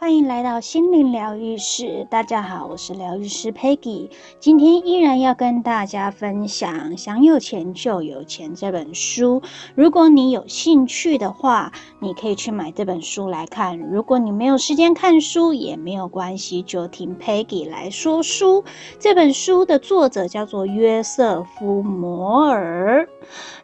歡迎來到心靈療癒室，大家好，我是療癒師 Peggy。今天依然要跟大家分享《想有錢就有錢》這本書。如果你有興趣的話，你可以去買這本書來看。如果你沒有時間看書也沒有關係，就聽 Peggy 來說書。這本書的作者叫做約瑟夫摩爾，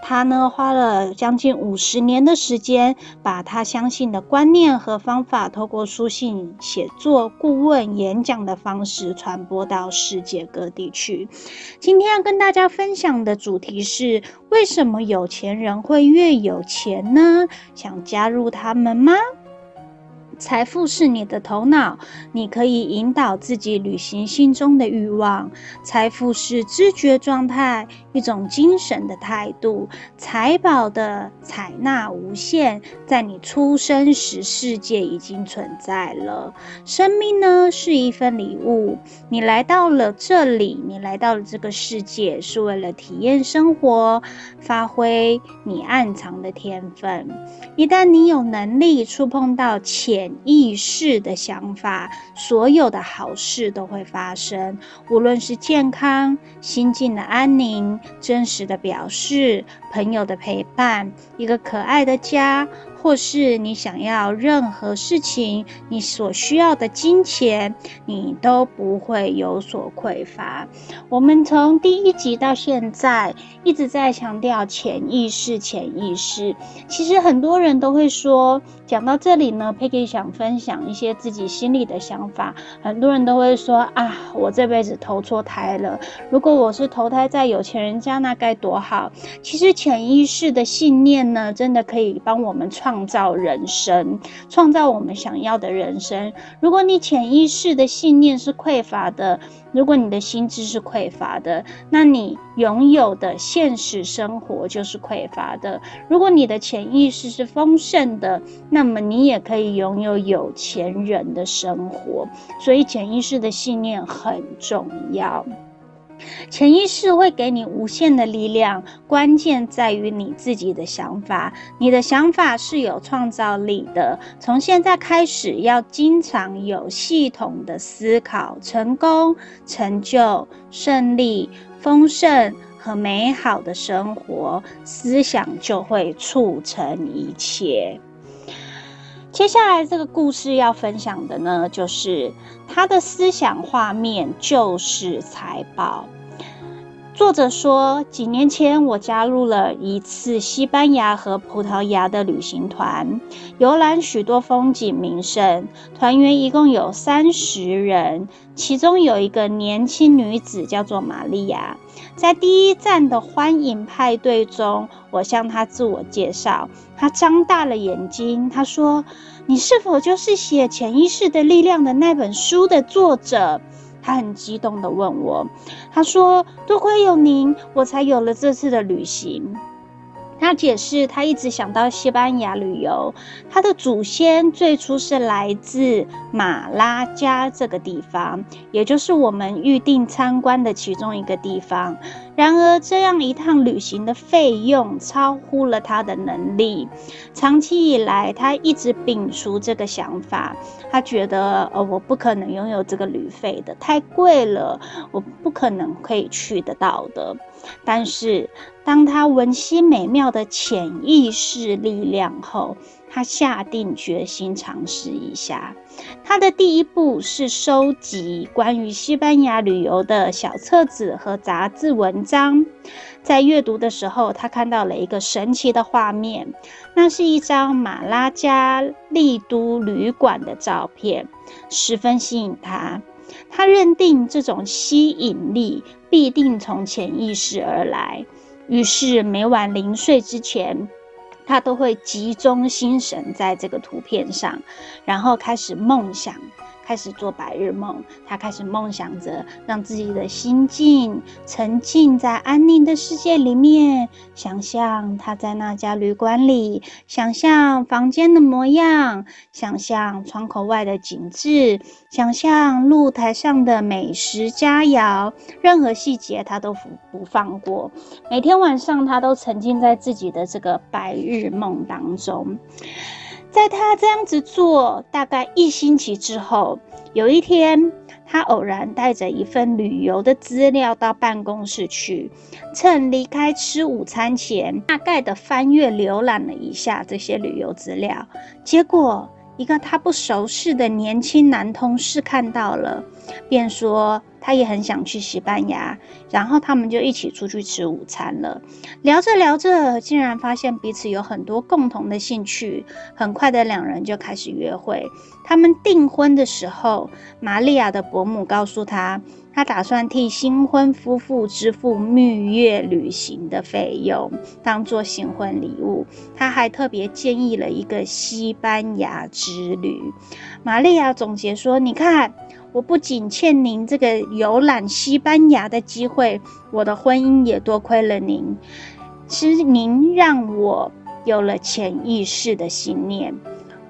他呢，花了將近五十年的時間，把他相信的觀念和方法透過書寫。寫作、顧問、演講的方式傳播到世界各地去。今天要跟大家分享的主題是：為什麼有錢人會越有錢呢？想加入他們嗎？財富是你的頭腦，你可以引導自己履行心中的慾望。財富是知覺狀態，一種精神的態度。財寶的採納無限，在你出生時，世界已經存在了。生命呢，是一份禮物。你來到了這裡，你來到了這個世界，是為了體驗生活，發揮你暗藏的天分。一旦你有能力觸碰到錢。意識的想法，所有的好事都會發生，無論是健康、心境的安寧、真實的表示、朋友的陪伴、一個可愛的家。或是你想要任何事情，你所需要的金錢，你都不會有所匱乏。我們從第一集到現在一直在強調潛意識，潛意識。其實很多人都會說，講到這裡呢，Peggy 想分享一些自己心裡的想法。很多人都會說啊，我這輩子投錯胎了。如果我是投胎在有錢人家，那該多好。其實潛意識的信念呢，真的可以幫我們創。創造人生，創造我們想要的人生。如果你潛意識的信念是匱乏的，如果你的心智是匱乏的，那你擁有的現實生活就是匱乏的。如果你的潛意識是豐盛的，那麼你也可以擁有有錢人的生活。所以，潛意識的信念很重要。潛意識會給你無限的力量，關鍵在於你自己的想法。你的想法是有創造力的，從現在開始，要經常有系統的思考，成功、成就、勝利、豐盛和美好的生活，思想就會促成一切。接下來這個故事要分享的呢，就是他的思想畫面就是財寶。作者說，幾年前我加入了一次西班牙和葡萄牙的旅行團，遊覽許多風景名勝。團員一共有三十人，其中有一個年輕女子，叫做瑪麗亞。在第一站的歡迎派對中，我向她自我介紹。她張大了眼睛，她說：“你是否就是寫《潛意識的力量》的那本書的作者？”他很激動的問我，他說：“多虧有您，我才有了這次的旅行。”他解釋，他一直想到西班牙旅遊。他的祖先最初是來自馬拉加這個地方，也就是我們預定參觀的其中一個地方。然而，這樣一趟旅行的費用超乎了他的能力。長期以來，他一直摒除這個想法。他覺得，呃，我不可能擁有這個旅費的，太貴了，我不可能可以去得到的。但是，當他聞悉美妙的潛意識力量後，他下定決心嘗試一下。他的第一步是收集關於西班牙旅遊的小冊子和雜誌文章。在閱讀的時候，他看到了一個神奇的畫面，那是一張馬拉加麗都旅館的照片，十分吸引他。他認定這種吸引力必定從潛意識而來，於是每晚臨睡之前，他都會集中心神在這個圖片上，然後開始夢想。開始做白日夢，他開始夢想着讓自己的心境沉浸在安寧的世界裡面。想象他在那家旅館裡，想象房間的模樣，想象窗口外的景致，想象露台上的美食佳肴，任何細節他都不放過。每天晚上，他都沉浸在自己的這個白日夢當中。在他這樣子做大概一星期之後，有一天，他偶然帶着一份旅遊的資料到辦公室去，趁離開吃午餐前，大概的翻閱瀏覽了一下這些旅遊資料，結果一個他不熟悉的年輕男同事看到了。便說他也很想去西班牙，然後他們就一起出去吃午餐了。聊着聊着，竟然發現彼此有很多共同的興趣。很快的，兩人就開始約會。他們訂婚的時候，瑪利亞的伯母告訴她，她打算替新婚夫婦支付蜜月旅行的費用，當做新婚禮物。她還特別建議了一個西班牙之旅。瑪利亞總結說：“你看。”我不僅欠您這個遊覽西班牙的機會，我的婚姻也多虧了您，是您讓我有了潛意識的信念。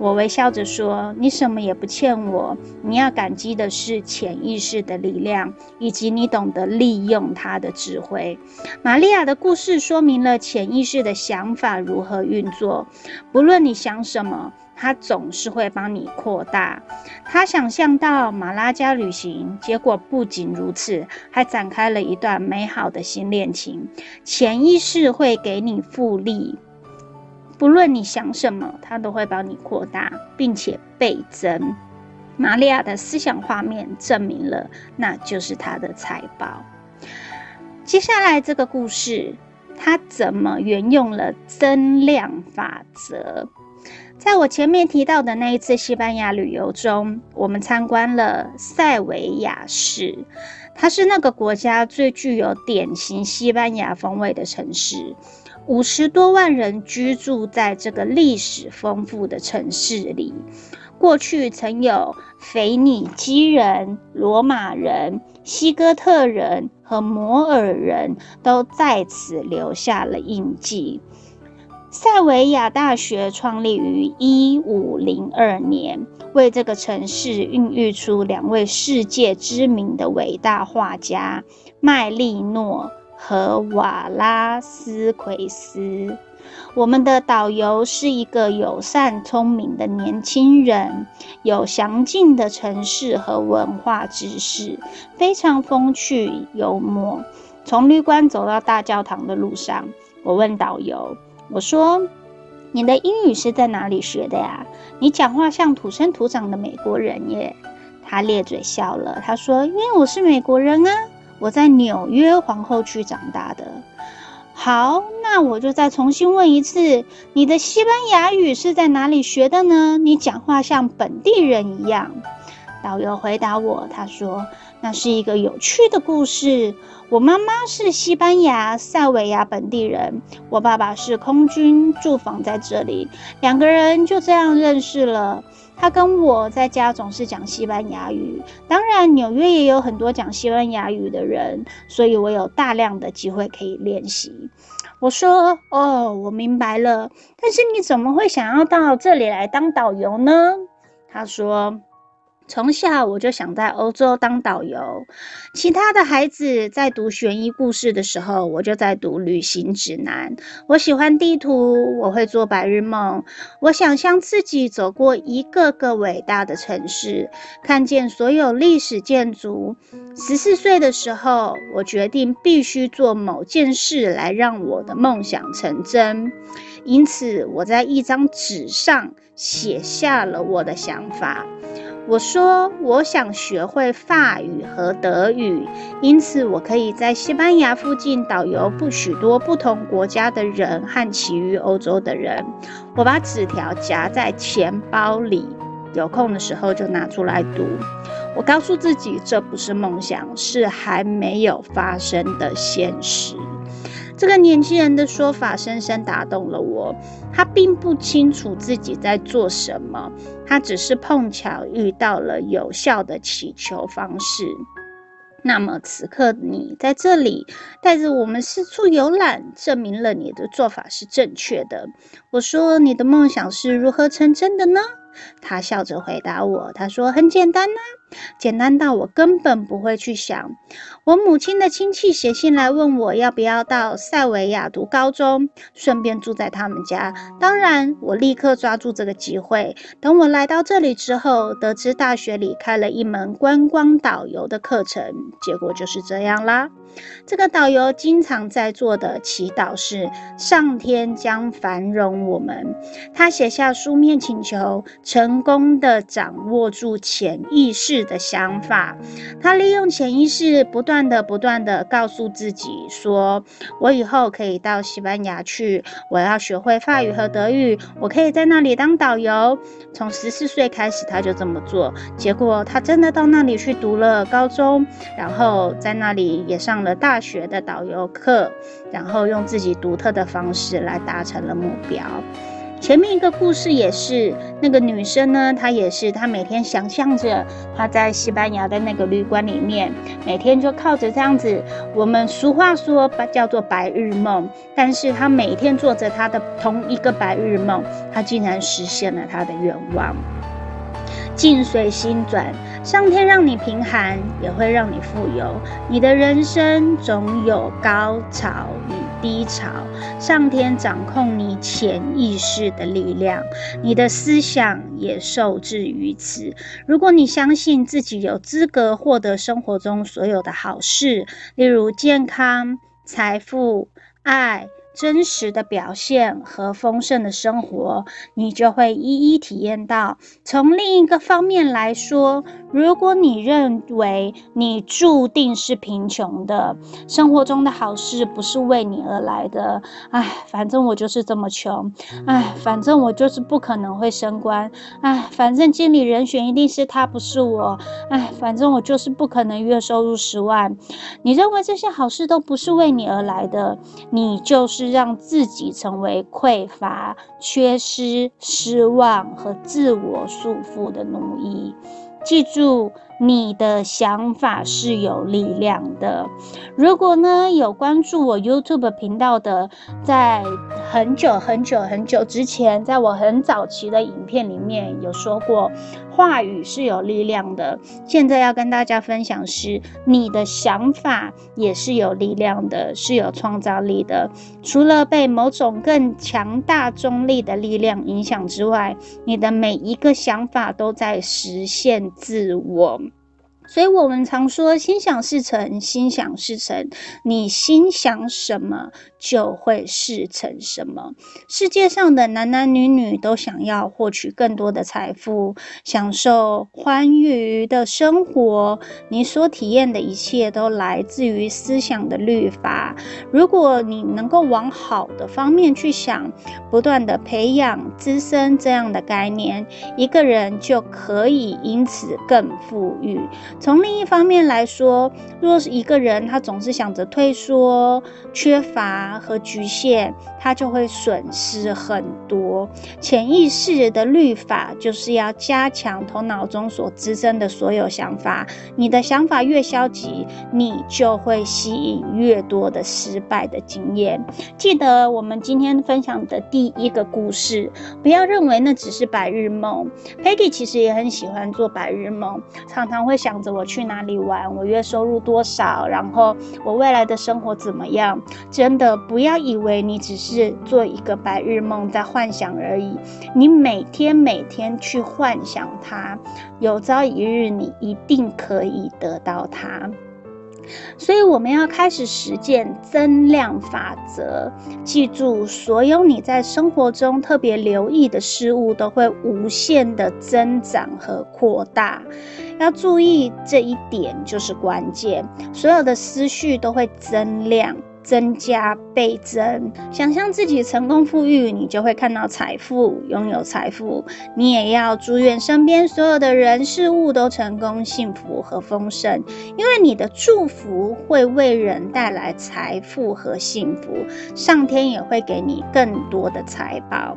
我微笑着說：“你什麼也不欠我，你要感激的是潛意識的力量，以及你懂得利用它的智慧。瑪麗亞的故事說明了潛意識的想法如何運作。不論你想什麼，它總是會幫你擴大。他想象到馬拉加旅行，結果不僅如此，還展開了一段美好的新戀情。潛意識會給你複利。不論你想什麼，它都會幫你擴大並且倍增。瑪利亞的思想畫面證明了，那就是她的財寶。接下來這個故事，它怎麼沿用了增量法則？在我前面提到的那一次西班牙旅遊中，我們參觀了塞維亞市，它是那個國家最具有典型西班牙風味的城市。五十多萬人居住在這個歷史豐富的城市裡。過去曾有腓尼基人、羅馬人、西哥特人和摩爾人都在此留下了印記。塞維亞大學創立於一五零二年，為這個城市孕育出兩位世界知名的偉大畫家——麥利諾。和瓦拉斯奎斯，我們的導遊是一個友善、聰明的年輕人，有詳盡的城市和文化知識，非常風趣幽默。從旅館走到大教堂的路上，我問導遊：“我說，你的英語是在哪裡學的呀？你講話像土生土長的美國人耶。”他咧嘴笑了，他說：“因為我是美國人啊。”我在紐約皇後區長大的。好，那我就再重新問一次，你的西班牙語是在哪裡學的呢？你講話像本地人一樣。導遊回答我，他說：“那是一個有趣的故事。我媽媽是西班牙塞維亞本地人，我爸爸是空軍，駐防在這裡，兩個人就這樣認識了。”他跟我在家總是講西班牙語，當然紐約也有很多講西班牙語的人，所以我有大量的機會可以練習。我說：“哦，我明白了。”但是你怎麼會想要到這裡來當導遊呢？他說：從小我就想在歐洲當導遊。其他的孩子在讀懸疑故事的時候，我就在讀旅行指南。我喜歡地圖，我會做白日夢。我想象自己走過一個個偉大的城市，看見所有歷史建築。十四歲的時候，我決定必須做某件事來讓我的夢想成真。因此，我在一張紙上寫下了我的想法。我說，我想學會法語和德語，因此我可以在西班牙附近導遊，不許多不同國家的人和其餘歐洲的人。我把紙條夾在錢包裡，有空的時候就拿出來讀。我告訴自己，這不是夢想，是還沒有發生的現實。這個年輕人的說法深深打動了我，他並不清楚自己在做什麼，他只是碰巧遇到了有效的祈求方式。那麼此刻你在這裡帶着我們四處遊覽，證明了你的做法是正確的。我說，你的夢想是如何成真的呢？他笑着回答我：“他說很簡單呢、啊，簡單到我根本不會去想。我母親的親戚寫信來問我要不要到塞維亞讀高中，順便住在他們家。當然，我立刻抓住這個機會。等我來到這裡之後，得知大學裡開了一門觀光導遊的課程，結果就是這樣啦。”這個導遊經常在做的祈禱是：上天將繁榮我們。他寫下書面請求，成功的掌握住潛意識的想法。他利用潛意識，不斷的、不斷的告訴自己說：“我以後可以到西班牙去，我要學會法語和德語，我可以在那裡當導遊。”從十四歲開始，他就這麼做。結果他真的到那裡去讀了高中，然後在那裡也上。了大學的導遊課，然後用自己獨特的方式來達成了目標。前面一個故事也是那個女生呢，她也是她每天想象着她在西班牙的那個旅館裡面，每天就靠着這樣子。我們俗話說叫做白日夢，但是她每天做着她的同一個白日夢，她竟然實現了她的願望。境隨心轉，上天讓你貧寒，也會讓你富有。你的人生總有高潮與低潮，上天掌控你潛意識的力量，你的思想也受制於此。如果你相信自己有資格獲得生活中所有的好事，例如健康、財富、愛。真實的表現和豐盛的生活，你就會一一體驗到。從另一個方面來說，如果你認為你注定是貧窮的，生活中的好事不是為你而來的，唉，反正我就是這麼窮，唉，反正我就是不可能會升官，唉，反正經理人選一定是他不是我，唉，反正我就是不可能月收入十萬。你認為這些好事都不是為你而來的，你就是。讓自己成為匱乏、缺失、失望和自我束縛的奴役。記住。你的想法是有力量的。如果呢，有關注我 YouTube 頻道的，在很久很久很久之前，在我很早期的影片裡面有說過，話語是有力量的。現在要跟大家分享是，你的想法也是有力量的，是有創造力的。除了被某種更強大中立的力量影響之外，你的每一個想法都在實現自我。所以我們常說“心想事成，心想事成”。你心想什麼，就會事成什麼。世界上的男男女女都想要獲取更多的財富，享受寬裕的生活。你所體驗的一切都來自於思想的律法。如果你能夠往好的方面去想，不斷地培養滋生這樣的概念，一個人就可以因此更富裕。從另一方面來說，若是一個人他總是想着退縮、缺乏和局限。他就會損失很多。潛意識的律法就是要加強頭腦中所滋生的所有想法。你的想法越消極，你就會吸引越多的失敗的經驗。記得我們今天分享的第一個故事，不要認為那只是白日夢。Peggy 其實也很喜歡做白日夢，常常會想着我去哪裡玩，我月收入多少，然後我未來的生活怎麼樣。真的，不要以為你只是。是做一個白日夢，在幻想而已。你每天每天去幻想它，有朝一日你一定可以得到它。所以我們要開始實踐增量法則。記住，所有你在生活中特別留意的事物，都會無限的增長和擴大。要注意這一點，就是關鍵。所有的思緒都會增量。增加倍增，想象自己成功富裕，你就會看到財富，擁有財富。你也要祝願身邊所有的人事物都成功、幸福和豐盛，因為你的祝福會為人帶來財富和幸福，上天也會給你更多的財寶。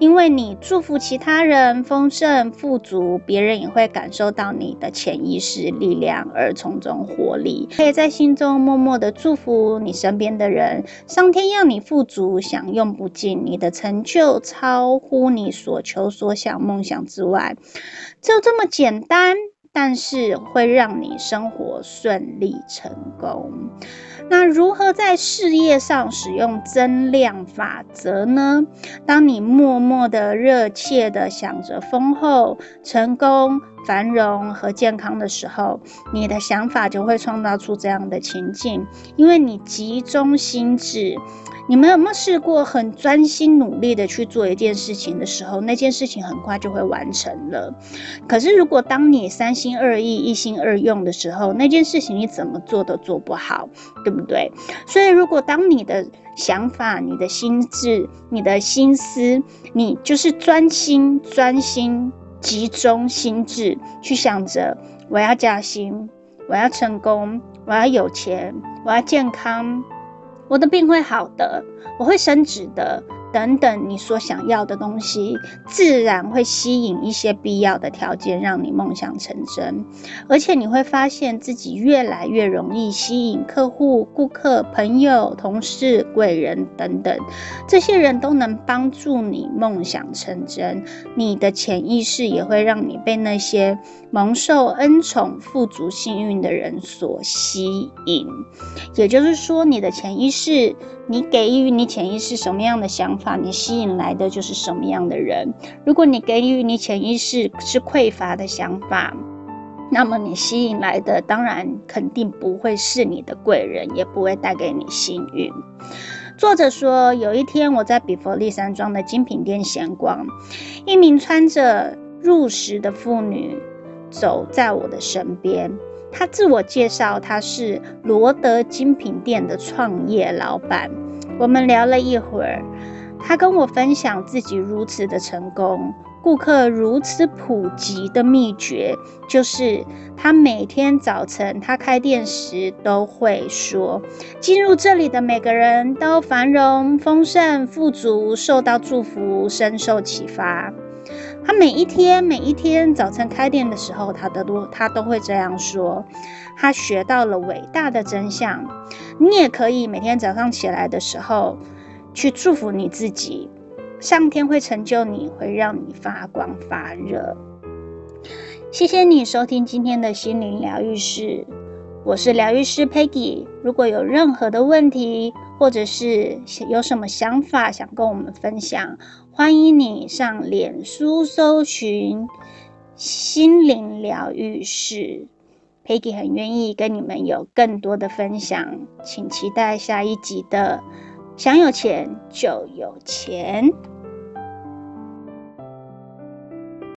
因為你祝福其他人豐盛富足，別人也會感受到你的潛意識力量而從中獲利。可以在心中默默的祝福你身邊。的人，上天要你富足，享用不盡。你的成就超乎你所求所想夢想之外，就這麼簡單。但是會讓你生活順利成功。那如何在事業上使用增量法則呢？當你默默的、熱切的想着豐厚成功。繁榮和健康的時候，你的想法就會創造出這樣的情境，因為你集中心智。你們有沒有試過很專心努力的去做一件事情的時候，那件事情很快就會完成了？可是，如果當你三心二意、一心二用的時候，那件事情你怎麼做都做不好，對不對？所以，如果當你的想法、你的心智、你的心思，你就是專心、專心。集中心智去想着，我要加薪，我要成功，我要有錢，我要健康，我的病會好的，我會升職的。等等，你所想要的東西，自然會吸引一些必要的條件，讓你夢想成真。而且，你會發現自己越來越容易吸引客戶、顧客、朋友、同事、貴人等等，這些人都能幫助你夢想成真。你的潛意識也會讓你被那些蒙受恩寵、富足、幸運的人所吸引。也就是說，你的潛意識，你給予你潛意識什麼樣的想法？法，你吸引來的就是什麼樣的人。如果你給予你潛意識是匱乏的想法，那麼你吸引來的當然肯定不會是你的貴人，也不會帶給你幸運。作者說，有一天我在比佛利山莊的精品店閒逛，一名穿着入時的婦女走在我的身邊，她自我介紹，她是羅德精品店的創業老板。我們聊了一會兒。他跟我分享自己如此的成功、顧客如此普及的秘訣，就是他每天早晨他開店時都會說：“進入這裡的每個人都繁榮、豐盛、富足，受到祝福，深受啟發。”他每一天、每一天早晨開店的時候，他都他都會這樣說：“他學到了偉大的真相。”你也可以每天早上起來的時候，去祝福你自己，上天會成就你，會讓你發光發熱。謝謝你收聽今天的心靈療癒事。我是療癒師 Peggy。如果有任何的問題，或者是有什麼想法想跟我們分享，歡迎你上臉書搜尋「心靈療癒事」。Peggy，很願意跟你們有更多的分享。請期待下一集的。想有錢就有錢。